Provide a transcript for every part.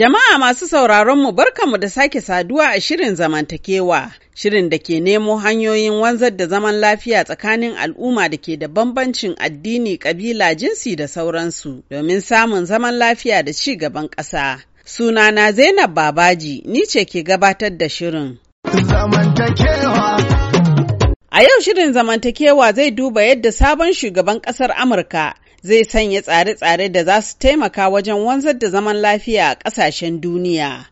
Jama'a masu sauraronmu barkanmu da sake saduwa a shirin zamantakewa, shirin da ke nemo hanyoyin wanzar da zaman lafiya tsakanin al'umma da ke da bambancin addini, ƙabila, jinsi da sauransu domin samun zaman lafiya da ci gaban ƙasa. Sunana Zainab Babaji, ni ce ke gabatar da shirin. A yau shirin zamantakewa zai duba yadda sabon shugaban ƙasar Amurka zai sanya tsare-tsare da za su taimaka wajen wanzar da zaman lafiya a ƙasashen duniya.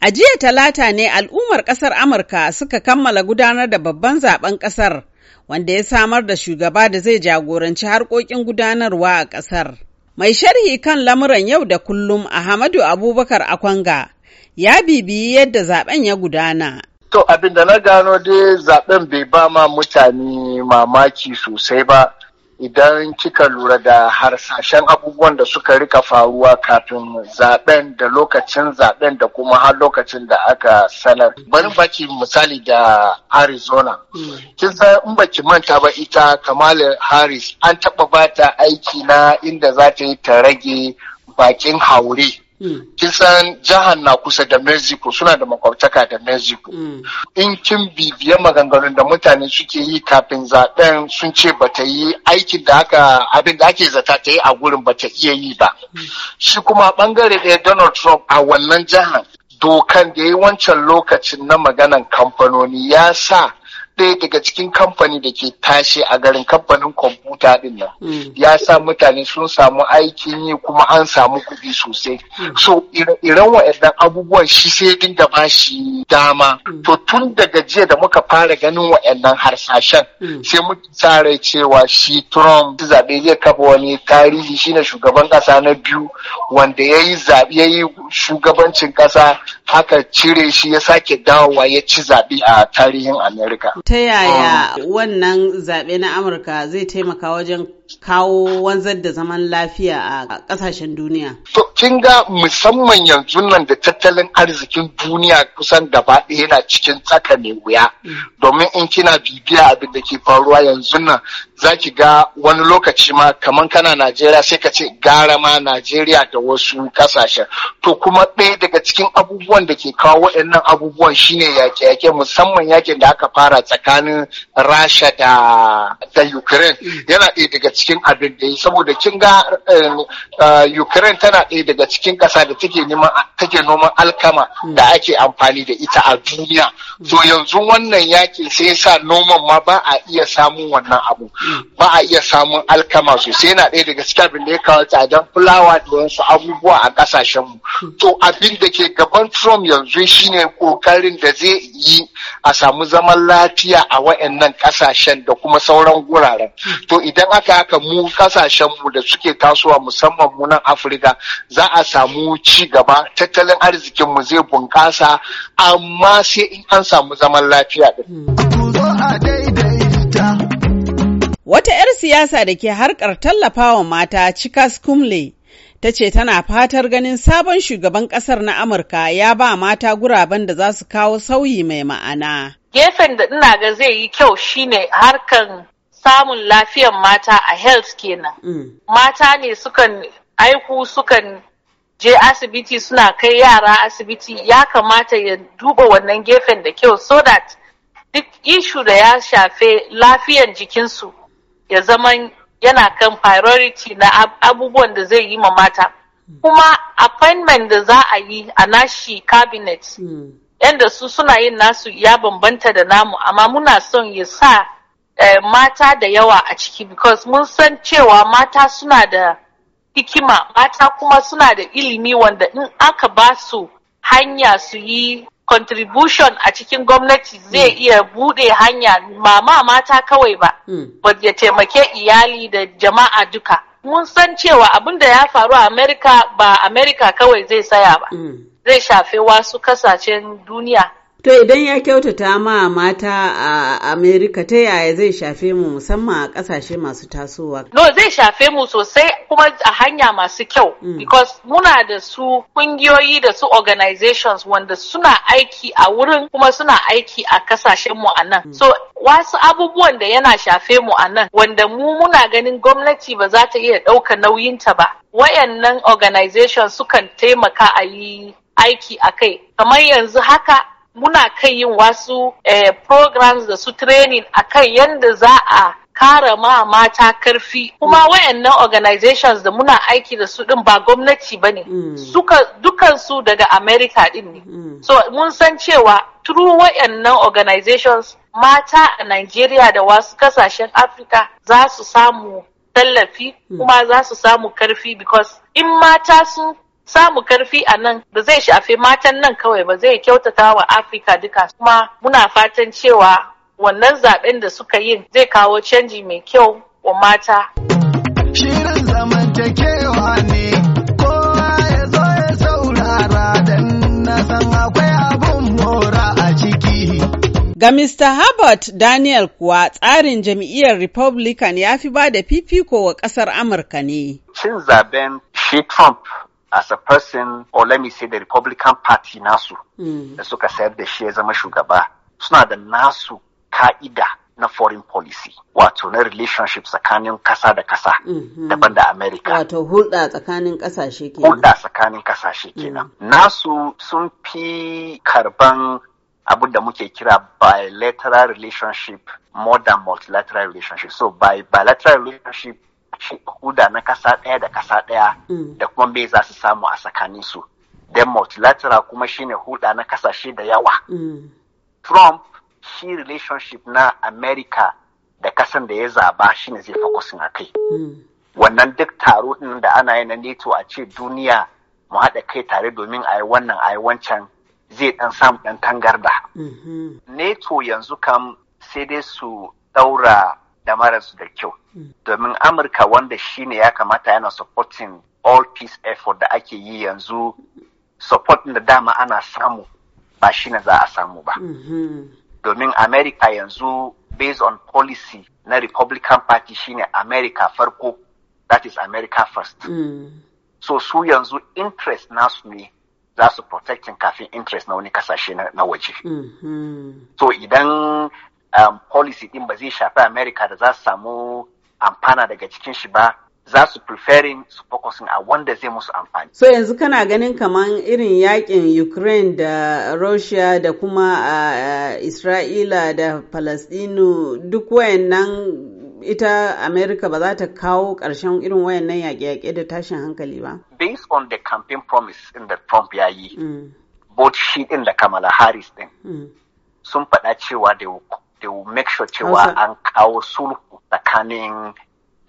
A jiya talata ne al'ummar ƙasar Amurka suka kammala gudanar da babban zaben ƙasar wanda ya samar da shugaba da zai jagoranci harkokin gudanarwa a ƙasar. Mai sharhi kan lamuran yau da kullum Ahmadu Abubakar Akwanga ya bibiyi yadda zaben ya gudana To abin da na gano dai zaben bai ba ma mutane mamaki sosai ba idan kika lura da harsashen abubuwan da suka rika faruwa kafin zaben da lokacin zaben da kuma har lokacin da aka sanar. Bari baki misali da Arizona. Mm. Kin san in baki manta ba ita Kamala Harris an taba bata aiki na inda za ta yi ta rage bakin haure. Mm. kisan jihar na kusa da mexico suna da makwabtaka da mexico mm. in kin bibiye maganganun da mutane suke yi kafin zaben sun ce bata yi aikin da aka abin da ake zata ta yi a gurin bata iya yi ba mm. shi kuma bangare ɗaya donald trump a wannan jihar dokan da ya yi wancan lokacin na maganan kamfanoni ya sa ɗaya daga cikin kamfani da ke tashi a garin kamfanin kwamfuta din nan hmm. ya sa mutane sun samu aikin yi kuma an samu kuɗi sosai hmm. so iran waɗannan abubuwan shi sai dinga ba shi dama hmm. to tun daga jiya da muka fara ganin waɗannan harsashen sai muka tsara cewa shi trump zaɓe zai kafa wani tarihi shine shugaban ƙasa na biyu wanda ya yi zaɓe ya yi shugabancin ƙasa haka cire shi ya sake dawowa ya ci zaɓe a tarihin amerika ta yaya ah. wannan zaɓe na amurka zai taimaka wajen kawo wanzar da zaman lafiya a kasashen duniya? To, kin ga musamman yanzu nan da tattalin arzikin duniya kusan gaba ɗaya yana cikin tsaka mai wuya. Domin in kina bibiya abin da ke faruwa yanzu nan za ki ga wani lokaci ma kamar kana Najeriya sai ka ce gara ma Najeriya da wasu kasashen. To kuma ɗaya daga cikin abubuwan da ke kawo waɗannan abubuwan shine yaƙe-yaƙe musamman yaƙin da aka fara tsakanin Rasha da Ukraine yana ɗaya daga cikin abin da yi saboda kin ga um, uh, Ukraine tana ɗaya daga cikin ƙasa da take take noman alkama da ake amfani da ita a duniya so yanzu wannan yakin sai sa noman ma ba a iya samun wannan abu ba a iya samun alkama sosai yana ɗaya daga cikin abin da ya kawo tsadan fulawa da wasu abubuwa a ƙasashen mu to abin da ke gaban Trump yanzu shine kokarin da zai yi a samu zaman lafiya a waɗannan ƙasashen da kuma sauran guraren to idan aka haka mu ƙasashen mu da suke tasowa musamman mu nan Afirka za a samu ci gaba tattalin arzikin mu zai bunƙasa amma sai in an samu zaman lafiya din. Wata 'yar siyasa da ke harkar tallafawa mata Cikas Kumle ta ce tana fatar ganin sabon shugaban ƙasar na Amurka ya ba mata guraben da za su kawo sauyi mai ma'ana. Gefen da ina ga zai yi kyau shine harkar samun lafiyan mata a health kenan. Mm. Mata ne sukan aiku sukan je asibiti suna kai yara asibiti ya kamata ya duba wannan gefen da kyau so that duk ishu da ya shafe lafiyan jikinsu ya zama yana kan priority na abubuwan da zai yi ma mata kuma appointment da za a yi a nashi cabinet hmm. yadda su suna yin nasu ya bambanta da namu amma muna son ya sa eh, mata da yawa a ciki because mun san cewa mata suna da hikima mata kuma suna da ilimi wanda in aka ba su hanya su yi contribution a cikin gwamnati zai mm. iya bude hanya mama mata kawai ba mm. Ba ya taimake iyali da jama'a duka mun san cewa abin da ya faru a amerika ba amerika kawai zai saya ba mm. zai shafe wasu kasashen duniya To idan ya kyautata ma mata a Amerika ta yaya zai shafe mu musamman a ƙasashe masu tasowa? No zai shafe mu sosai kuma a hanya masu kyau. Mm. Because muna da su kungiyoyi da su organizations wanda suna aiki a wurin kuma suna aiki a ƙasashen mu a nan. Mm. So wasu abubuwan da yana shafe mu a nan wanda mu muna ganin gwamnati ba za ta iya ɗauka nauyinta ba. Wayannan organizations sukan taimaka a yi aiki a kai. Kamar yanzu haka muna kai yin wasu eh, programs da su training a kan yadda za a kara ma mata karfi kuma mm. wayannan organizations da muna aiki da su din ba gwamnati ba ne mm. su daga america din ne mm. so mun san cewa through wayannan organizations mata a nigeria da wasu kasashen africa za su samu tallafi kuma za su samu karfi because in mata sun samu karfi a nan da zai shafi matan nan kawai ba zai kyautata wa afirka duka kuma muna fatan cewa wannan zaɓen da suka yi zai kawo canji mai kyau wa mata shirin zamantakewa ne a ciki Ga Mr. Herbert Daniel kuwa tsarin jam'iyyar Republican ya fi ba da fifiko wa ƙasar Amurka ne. Cin zaben shi Trump as a person or let me say the Republican Party nasu da suka sayar da shi ya zama shugaba suna da nasu ka'ida na foreign policy wato na relationship tsakanin kasa da kasa mm-hmm. daban da America. Wato hulɗa tsakanin ƙasashe kenan. Hulɗa tsakanin ƙasashe kenan. Mm. Nasu sun fi karban abin da muke kira bilateral relationship more than multilateral relationship. So by bilateral relationship huda na kasa ɗaya da kasa ɗaya mm. da kuma me za su samu a tsakanin su. Then multilateral kuma shine huda na kasashe da yawa. Mm. Trump shi relationship na America da kasan da ya zaba shine zai focusin a kai. Mm. Wannan duk taro ɗin da ana yi na NETO a ce duniya mu haɗa kai tare domin a yi wannan a yi wancan zai ɗan samu ɗan tangarda. Mm-hmm. NETO yanzu kam sai dai su ɗaura damararsu da kyau hmm. domin amurka wanda shine ya kamata yana supporting all peace effort da ake yi yanzu support da dama ana samu ba shi shine za a samu ba mm-hmm. domin america yanzu based on policy na republican party shine america farko that is america first mm. so su yanzu interest nasu ne za su protecting kafin interest na wani kasashe na waje. Mm-hmm. So idan um, policy din ba zai shafi America da za su samu amfana daga cikin shi ba za su preferring su focusing a wanda zai musu amfani. So yanzu kana ganin kamar irin yakin Ukraine da Russia da kuma uh, Isra'ila da Palestino duk wayannan ita america ba za ta kawo karshen irin wayannan yaƙe-yaƙe da tashin hankali ba. Based on the campaign promise in da Trump ya yi, mm. both shi ɗin da Kamala Harris ɗin mm. sun faɗa cewa da To make sure cewa an kawo sulhu tsakanin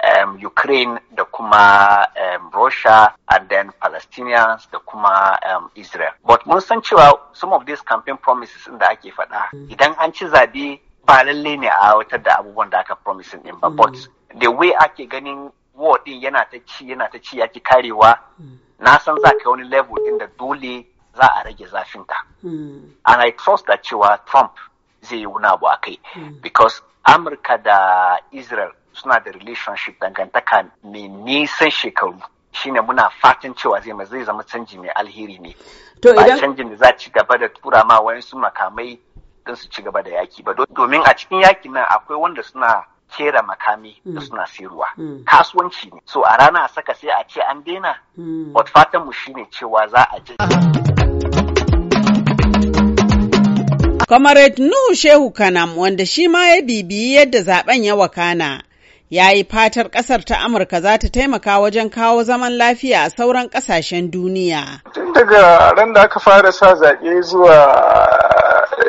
um, Ukraine da kuma um, Russia and then Palestinians da kuma um, Israel. But mun san cewa some of these campaign promises da ake faɗa mm. idan an ci zabe ba lalle ne a wata da abubuwan da aka promising din ba. Mm. But the way ake ganin war din yana ta ci yana ta ci ki karewa mm. na san za ka wani level din da dole za a rage zafinta. And I trust that cewa Trump zai yi wuna abu akai. kai hmm. because amurka da israel suna da relationship dangantaka mai nisan shekaru shine muna fatan cewa zai zai zama canji mai alheri ne ba canjin da za ci gaba da tura ma wayansu makamai don su ci gaba da yaki ba domin a cikin yakin nan akwai wanda suna kera makami da hmm. suna sayarwa hmm. kasuwanci ne so a rana a saka sai a ce an daina but fatan mu shine cewa za a je Comrade Nuhu Shehu Kanam wanda shi ma ya bibiyi yadda zaben ya wakana. Ya yi fatar ƙasar ta Amurka za ta taimaka wajen kawo zaman lafiya a sauran ƙasashen duniya. Tun daga ran da aka fara sa zaɓe zuwa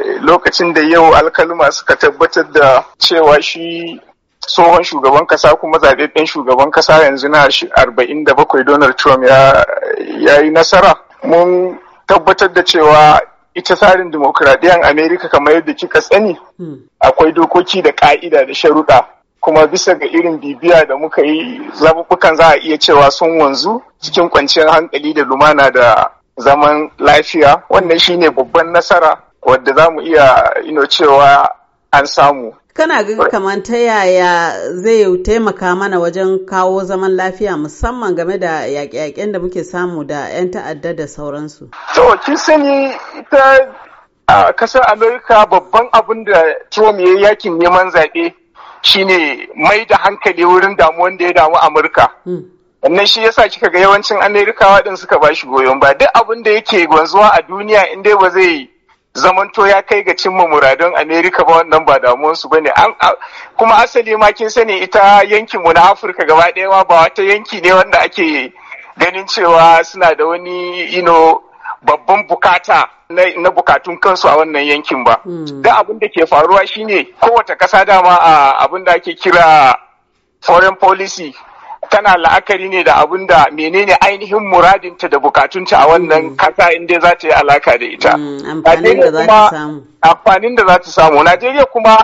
eh, lokacin da yau alkaluma suka tabbatar da cewa shi tsohon shugaban kasa kuma zaɓaɓɓen shugaban kasa yanzu na 47 Donald Trump ya yi nasara. Mun tabbatar da cewa ita tsarin dimokuraɗiyyar Amerika kamar yadda kika sani hmm. akwai dokoki da ka'ida da sharuɗa kuma bisa ga irin bibiya da muka yi zaɓuɓɓukan za a iya cewa sun wanzu cikin kwanciyar hankali da lumana da zaman lafiya wannan shine babban nasara wadda za mu iya ino cewa an samu Kana ga kamar ta yaya zai taimaka mana wajen kawo zaman lafiya musamman game da yaƙe-yaƙen da muke samu da 'yan ta'adda da sauransu. To, kin sani ita a ƙasar Amerika babban abin da Trump ya yi yakin neman zaɓe shine mai da hankali wurin damuwan da ya damu Amurka. Hmm. Wannan shi yasa kika ga yawancin Amerikawa din suka ba shi goyon ba duk abin da yake gwanzuwa a duniya in dai ba zai yi. zamanto ya kai ga cimma muradun amerika ba wannan ba su ba ne kuma asali ma kin sani ita mu na afirka gaba ɗaya ma ba wata yanki ne wanda ake ganin cewa suna da wani ino babban bukata na bukatun kansu a wannan yankin ba hmm. da abin da ke faruwa shine kowace ƙasa dama a abin da ake kira foreign policy tana la'akari ne da abin da menene ainihin muradinta da bukatunta a wannan mm. kasa inda za ta yi alaka da ita. Mm, amfanin da za ta samu. Najeriya kuma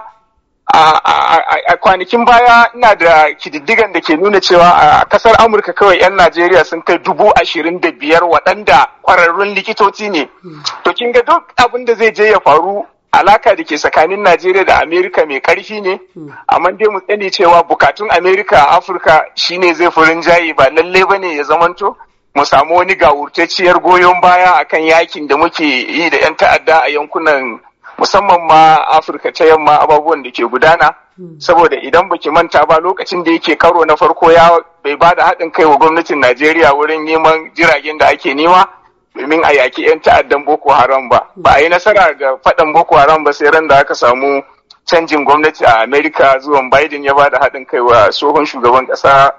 a kwanakin baya ina da kididdigan da ke nuna cewa a kasar Amurka kawai 'yan Najeriya sun kai dubu ashirin da biyar waɗanda kwararrun likitoci ne. Mm. To kin ga duk abin da zai je ya faru alaka da ke tsakanin Najeriya da Amerika mai karfi ne, hmm. amma dai mu tsani cewa bukatun Amerika a Afirka shine zai fi jayi ba lalle ba ne ya zamanto mu samu wani gawurtacciyar goyon baya akan yakin da muke yi da 'yan ta'adda a yankunan musamman ma Afirka ta yamma ababuwan da ke gudana. Hmm. Saboda idan baki manta ba lokacin da yake karo na farko ya bai ba da haɗin kai wa gwamnatin Najeriya wurin neman jiragen da ake nema. domin a yaki 'yan ta'addan boko haram ba ba a yi nasara ga faɗan boko haram ba sai ran da aka samu canjin gwamnati a amerika zuwan biden ya bada haɗin kai wa tsohon shugaban ƙasa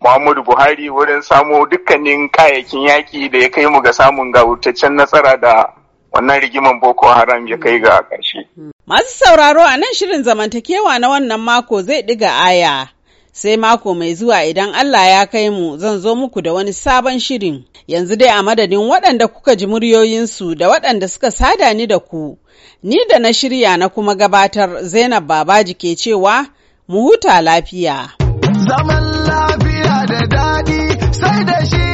muhammadu buhari wurin samo dukkanin kayayyakin yaki da ya kai mu ga samun gawurtaccen nasara da wannan rigiman boko haram ya kai ga ƙarshe. masu sauraro a nan shirin zamantakewa na wannan mako zai ɗiga aya sai mako mai zuwa idan Allah ya kai mu zan zo muku da wani sabon shirin. Yanzu dai a madadin waɗanda kuka ji muryoyinsu da waɗanda suka sada ni da ku, ni da na shirya na kuma gabatar Zainab Babaji ke cewa mu huta lafiya. Zaman lafiya da daɗi sai da shi.